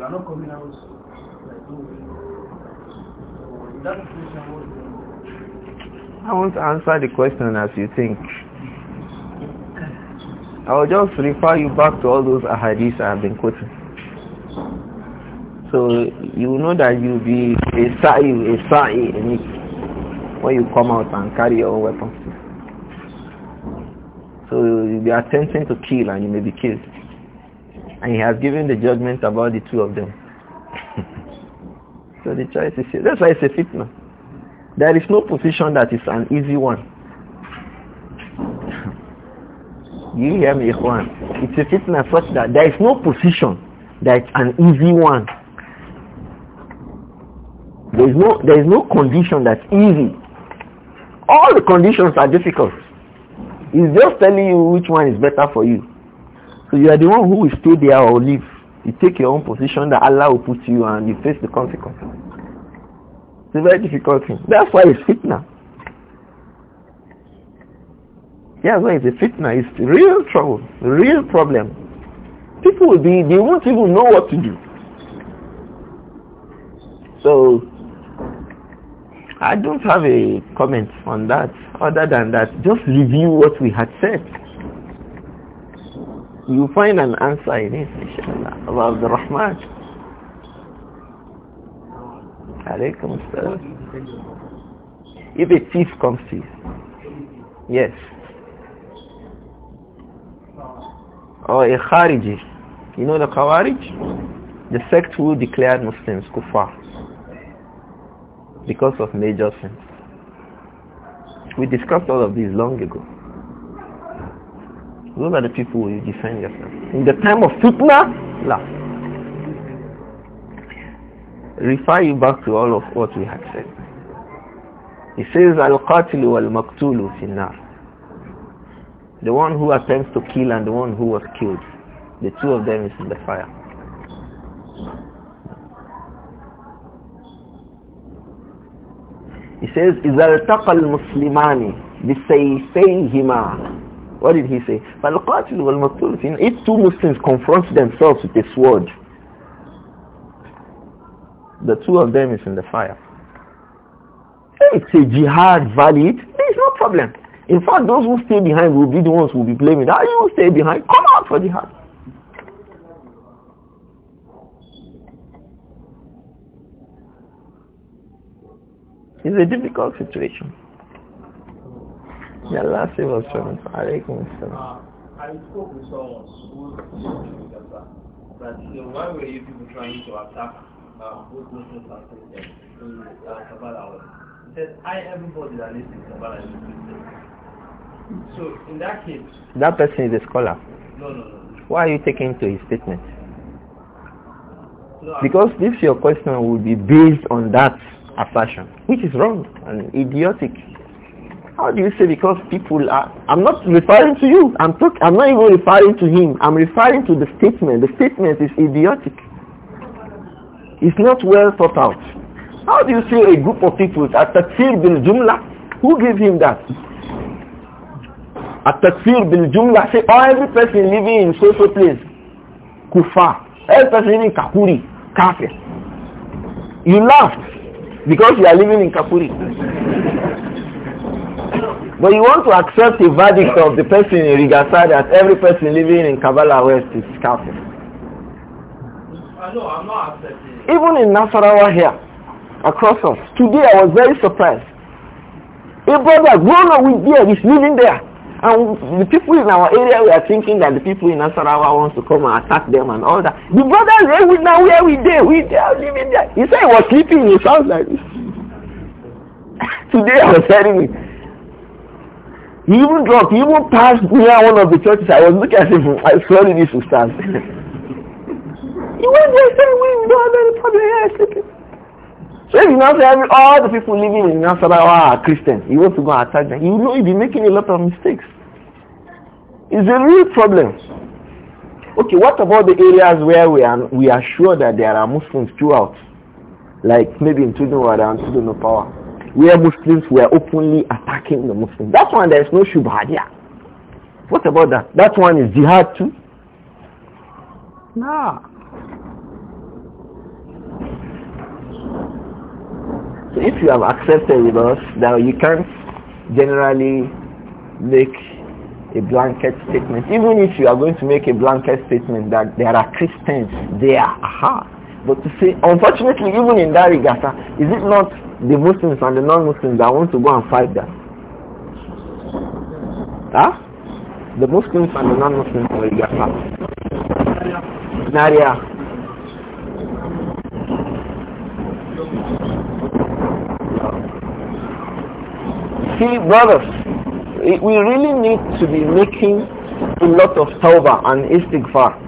Speaker 2: are not coming out, no way. So in that situation,
Speaker 1: I won't answer the question as you think. I'll just refer you back to all those ahadiths I've been quoting. So you know that you'll be a sa'i, a sa'i in it when you come out and carry your own weapons. So you'll be attempting to kill and you may be killed and he has given the judgment about the two of them. so the choice is here. That's why it's a fitna. There is no position that is an easy one. you hear me, Juan? It's a fitna such that there is no position that's an easy one. There is no there is no condition that's easy. All the conditions are difficult. He's just telling you which one is better for you. So you are the one who will stay there or leave. You take your own position that Allah will put you and you face the consequences. It's a very difficult thing. That's why it's fitna. Yeah, why it's a fitna. It's real trouble, real problem. People will be, they won't even know what to do. So, I don't have a comment on that other than that. Just review what we had said. You find an answer in it, inshallah. Allah Abdul Rahman. Alaykum salam. If a thief comes to you, yes. Or a Khariji, you know the Khawarij? The sect who declared Muslims kuffar because of major sins. We discussed all of these long ago. Those are the people you defend yourself. In the time of fitna, laugh. Refer you back to all of what we had said. He says, Al-Qatilu wal-Maktulu finnar. The one who attempts to kill and the one who was killed. The two of them is in the fire. He says, إِذَا الْتَقَى الْمُسْلِمَانِ بِسَيْفَيْهِمَا what did he say? فَالْقَاتِلُ If two Muslims confront themselves with a sword, the two of them is in the fire. it's a jihad valid, there is no problem. In fact, those who stay behind will be the ones who will be blaming. How you stay behind? Come out for jihad. It's a difficult situation. May Allah save us from it. Alaykum assalam. Uh,
Speaker 2: I spoke with someone who that why were you people trying to attack both um, Muslims and Christians in uh, Kabbalah? He said, I, everybody that lives in Kabbalah is Christian. So in that case...
Speaker 1: That person is a scholar. No, no, no. Why are you taking to his statement? because if your question will be based on that assertion, which is wrong and idiotic. How do you say because people are, I'm not referring to you. I'm, talk, I'm not even referring to him. I'm referring to the statement. The statement is idiotic. It's not well thought out. How do you say a group of people at takfir bil jumla? Who gave him that? At takfir bil jumla, say oh, every person living in social place, kufa. Every person living in Kapuri, kafir. You laughed because you are living in Kapuri. But you want to accept the verdict of the person in Rigasa that every person living in Kabbalah West is I
Speaker 2: know I'm not accepting
Speaker 1: it. Even in Nasarawa here, across us, today I was very surprised. A brother grown up with beard living there. And the people in our area, we are thinking that the people in Nasarawa wants to come and attack them and all that. The brother said, we now where we there, we there, living there. He said he was sleeping in his house like this. today I was telling him, he even dropped, he even passed near one of the churches. I was looking at him, I sorry this will stand.
Speaker 3: he went there saying, we don't have any problem here, sleeping.
Speaker 1: So if you now say all the people living in Nasarawa are Christians, you want to go and attack them, you know you would be making a lot of mistakes. It's a real problem. Okay, what about the areas where we are, we are sure that there are Muslims throughout? Like maybe in Tudunwada and Tudunupawa where Muslims were openly attacking the Muslims. That one, there is no shubha What about that? That one is jihad too? Nah. So if you have accepted with us, now you can't generally make a blanket statement. Even if you are going to make a blanket statement that there are Christians there, aha, but to say, unfortunately, even in that regard, is it not the Muslims and the non-Muslims that want to go and fight that? Huh? The Muslims and the non-Muslims in Rigasa. Naria. See, brothers, we really need to be making a lot of tawbah and istighfar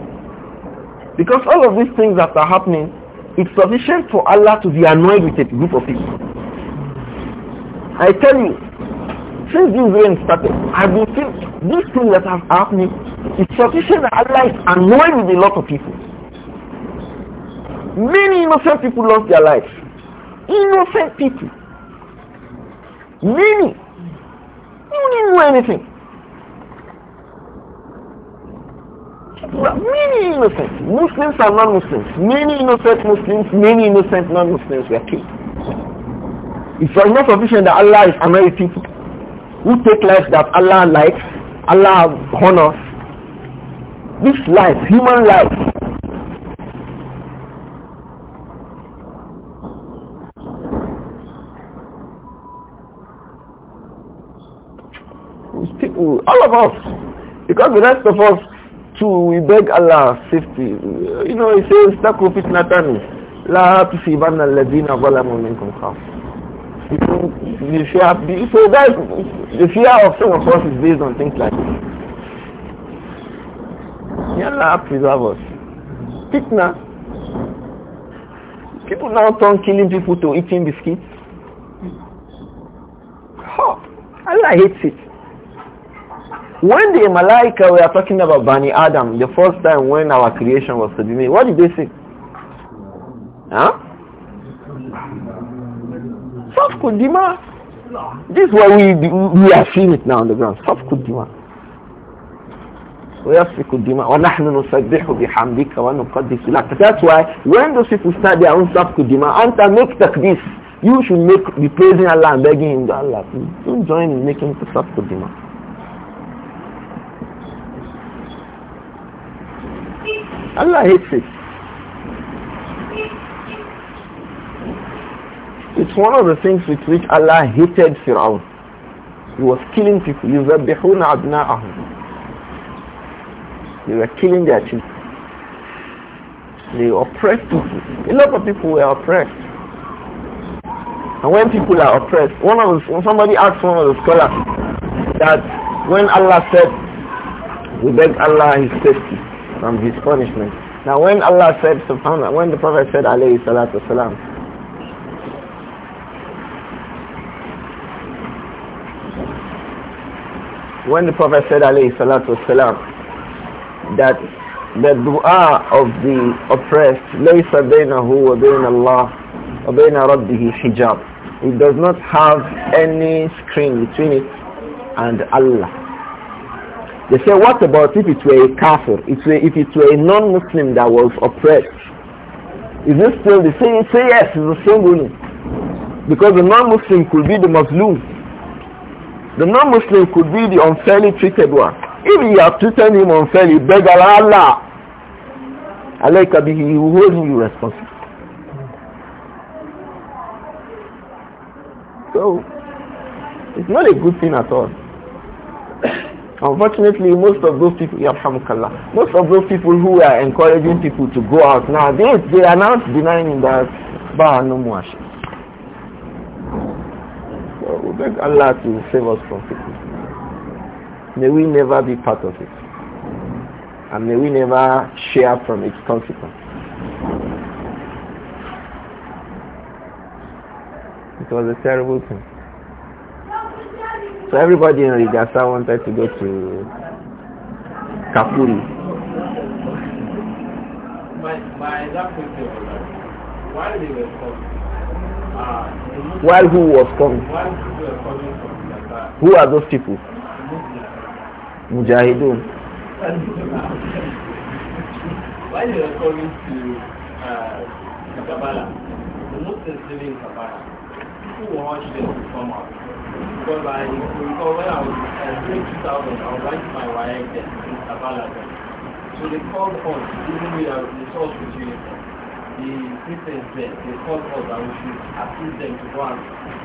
Speaker 1: because all of these things that are happening, it's sufficient for Allah to be annoyed with a group of people. I tell you, since this rain started, I've been feeling these things that are happening, it's sufficient that Allah is annoyed with a lot of people. Many innocent people lost their lives. Innocent people. Many. You didn't know anything. many innocent Muslims and non-Muslims, many innocent Muslims, many innocent non-Muslims were killed. It's not sufficient that Allah is people who take life that Allah likes, Allah honors. This life, human life, people, all of us, because the rest of us Two, we beg Allah safety. You know, he says, Taku fitnatani, la tusibanna alladhina zalamu minkum khaf. The fear, so that, the fear of some of us is based on things like this. May Allah preserve us. Fitna. People now turn killing people to eating biscuits. Oh, Allah hates it. When the Malaika were talking about Bani Adam, the first time when our creation was to be made, what did they say? Huh?
Speaker 2: Safkudima. This is what
Speaker 1: we we are seeing it now on the ground. Safkudima. ويسفكدماء ونحن نسبح بحمدك ونقدس لك that's why when those people start their own kudima, anta make takdis you should make be praising Allah and begging him Allah don't join in making kudima. Allah hates it. It's one of the things with which Allah hated Fir'aun. He was killing people. يُذَبِّحُونَ أَبْنَاءَهُمْ They were killing their children. They oppressed people. A lot of people were oppressed. And when people are oppressed, one of the, somebody asked one of the scholars that when Allah said, we beg Allah his safety, from his punishment. Now when Allah said, subhanAllah, when the Prophet said, alayhi salatu salam, when the Prophet said, alayhi salatu salam, that the dua of the oppressed, لَيْسَ بَيْنَهُ وَبَيْنَ اللَّهِ وَبَيْنَ Rabbihi hijab. It does not have any screen between it and Allah. They say, what about if it were a kafir, if, if it were a non-Muslim that was oppressed? Is it still the same? Say yes, it's the same ruling. Because the non-Muslim could be the Muslim. The non-Muslim could be the unfairly treated one. If you have treated him unfairly, beg Allah. Allah he will hold you responsible. So, it's not a good thing at all. Unfortunately, most of those people, most of those people who are encouraging people to go out now, they, they are now denying that Ba'a no muashi. So we beg Allah to save us from fitna. May we never be part of it. And may we never share from its consequences. It was a terrible thing.
Speaker 3: So everybody in Rigasa wanted to go to
Speaker 1: Kapuri.
Speaker 2: My, my that question was like, Why they were coming, uh, while who was coming? While people were coming from Rigasa. Who
Speaker 1: are those people? Mujahideen.
Speaker 2: Why they were coming to uh, Kabbalah, the Muslims living in Kabbalah, who watched them come out? because I uh, recall when I was 2000, I my wife So they called us, giving me a uh, resource with the Christians there, they called us that we should assist them to go and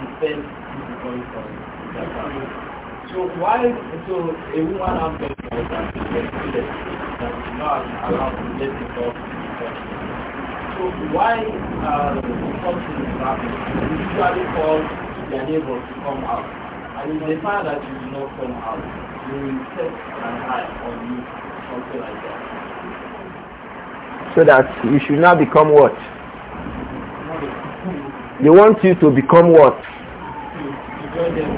Speaker 2: defend people coming from Japan. So why, so a woman out there was that she that not allowed to let the dog So why uh, something is happening? We usually call their neighbors to come out. And that you do not come out, will set an eye on you, something like
Speaker 1: that. So that you should now become what? They want you to become what?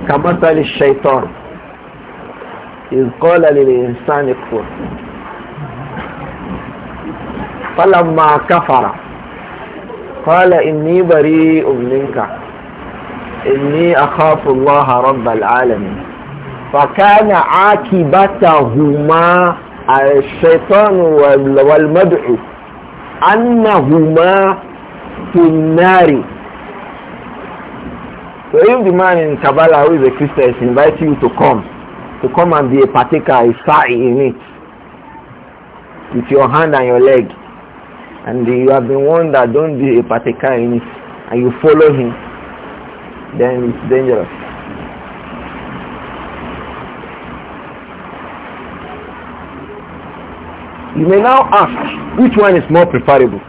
Speaker 1: كمثل الشيطان إذ قال للإنسان اكفر فلما كفر قال إني بريء منك إني أخاف الله رب العالمين فكان عاقبتهما الشيطان والمدعو أنهما في النار So if the man in Kabbalah who is a Christian is inviting you to come, to come and be a partaker, a sa'i in it, with your hand and your leg, and you have been warned that don't be a partaker in it, and you follow him, then it's dangerous. You may now ask, which one is more preferable?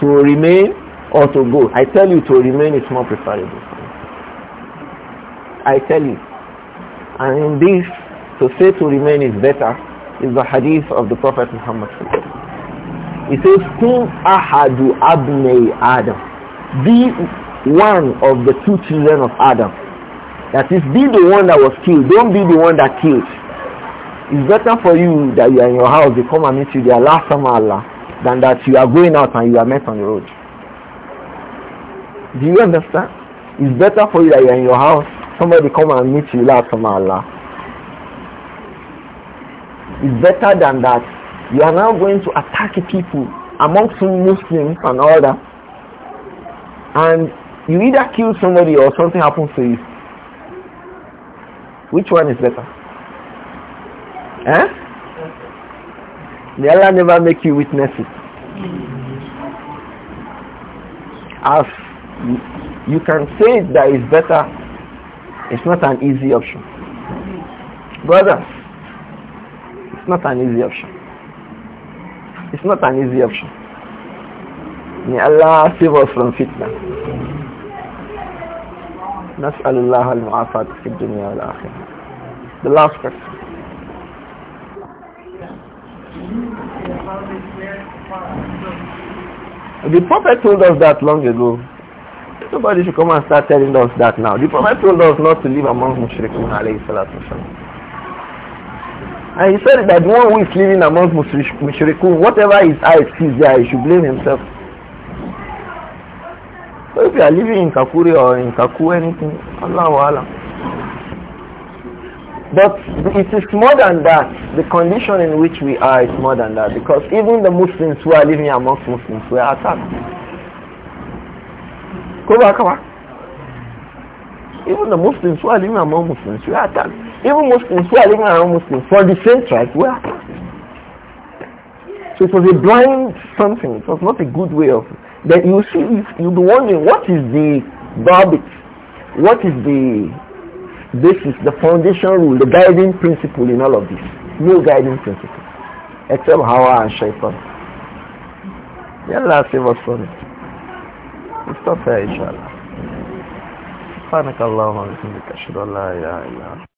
Speaker 1: To remain or to go? I tell you to remain is more preferable. I tell you. And in this, to say to remain is better is the hadith of the Prophet Muhammad. He says, Kun ahadu abnei Adam. Be one of the two children of Adam. That is, be the one that was killed. Don't be the one that killed. It's better for you that you are in your house, they come and meet you, there, are last time Allah, than that you are going out and you are met on the road. Do you understand? It's better for you that you are in your house, somebody come and meet you, last time Allah. It's better than that. You are now going to attack people amongst Muslims and all that. And you either kill somebody or something happens to you. Which one is better? Eh? May Allah never make you witness it. As you can say that is better, it's not an easy option. Brothers, it's not an easy option. It's not an easy option. May Allah save us from fitna. نسأل الله المعافاة في الدنيا والآخرة The last question The Prophet told us that long ago Nobody should come and start telling us that now The Prophet told us not to live among mushrikun alayhi salatu And he said that one who is living among mushrikun, whatever his eyes sees there, he should blame himself. So if you are living in Kakuri or in Kaku, anything, Allah Allah. But it is more than that. The condition in which we are is more than that. Because even the Muslims who are living amongst Muslims were attacked. Go back, come back. Even the Muslims who are living among Muslims were attacked. Even Muslims who are living among Muslims for the same tribe were attacked. So it was a blind something. It was not a good way of it. then you see you'll be wondering what is the babit, what is the basis, the foundation rule, the guiding principle in all of this. No guiding principle. Except Hawa and Shaitan. May Allah save us from it. We'll stop there inshallah. سبحانك اللهم وبحمدك اشهد ان لا اله الا انت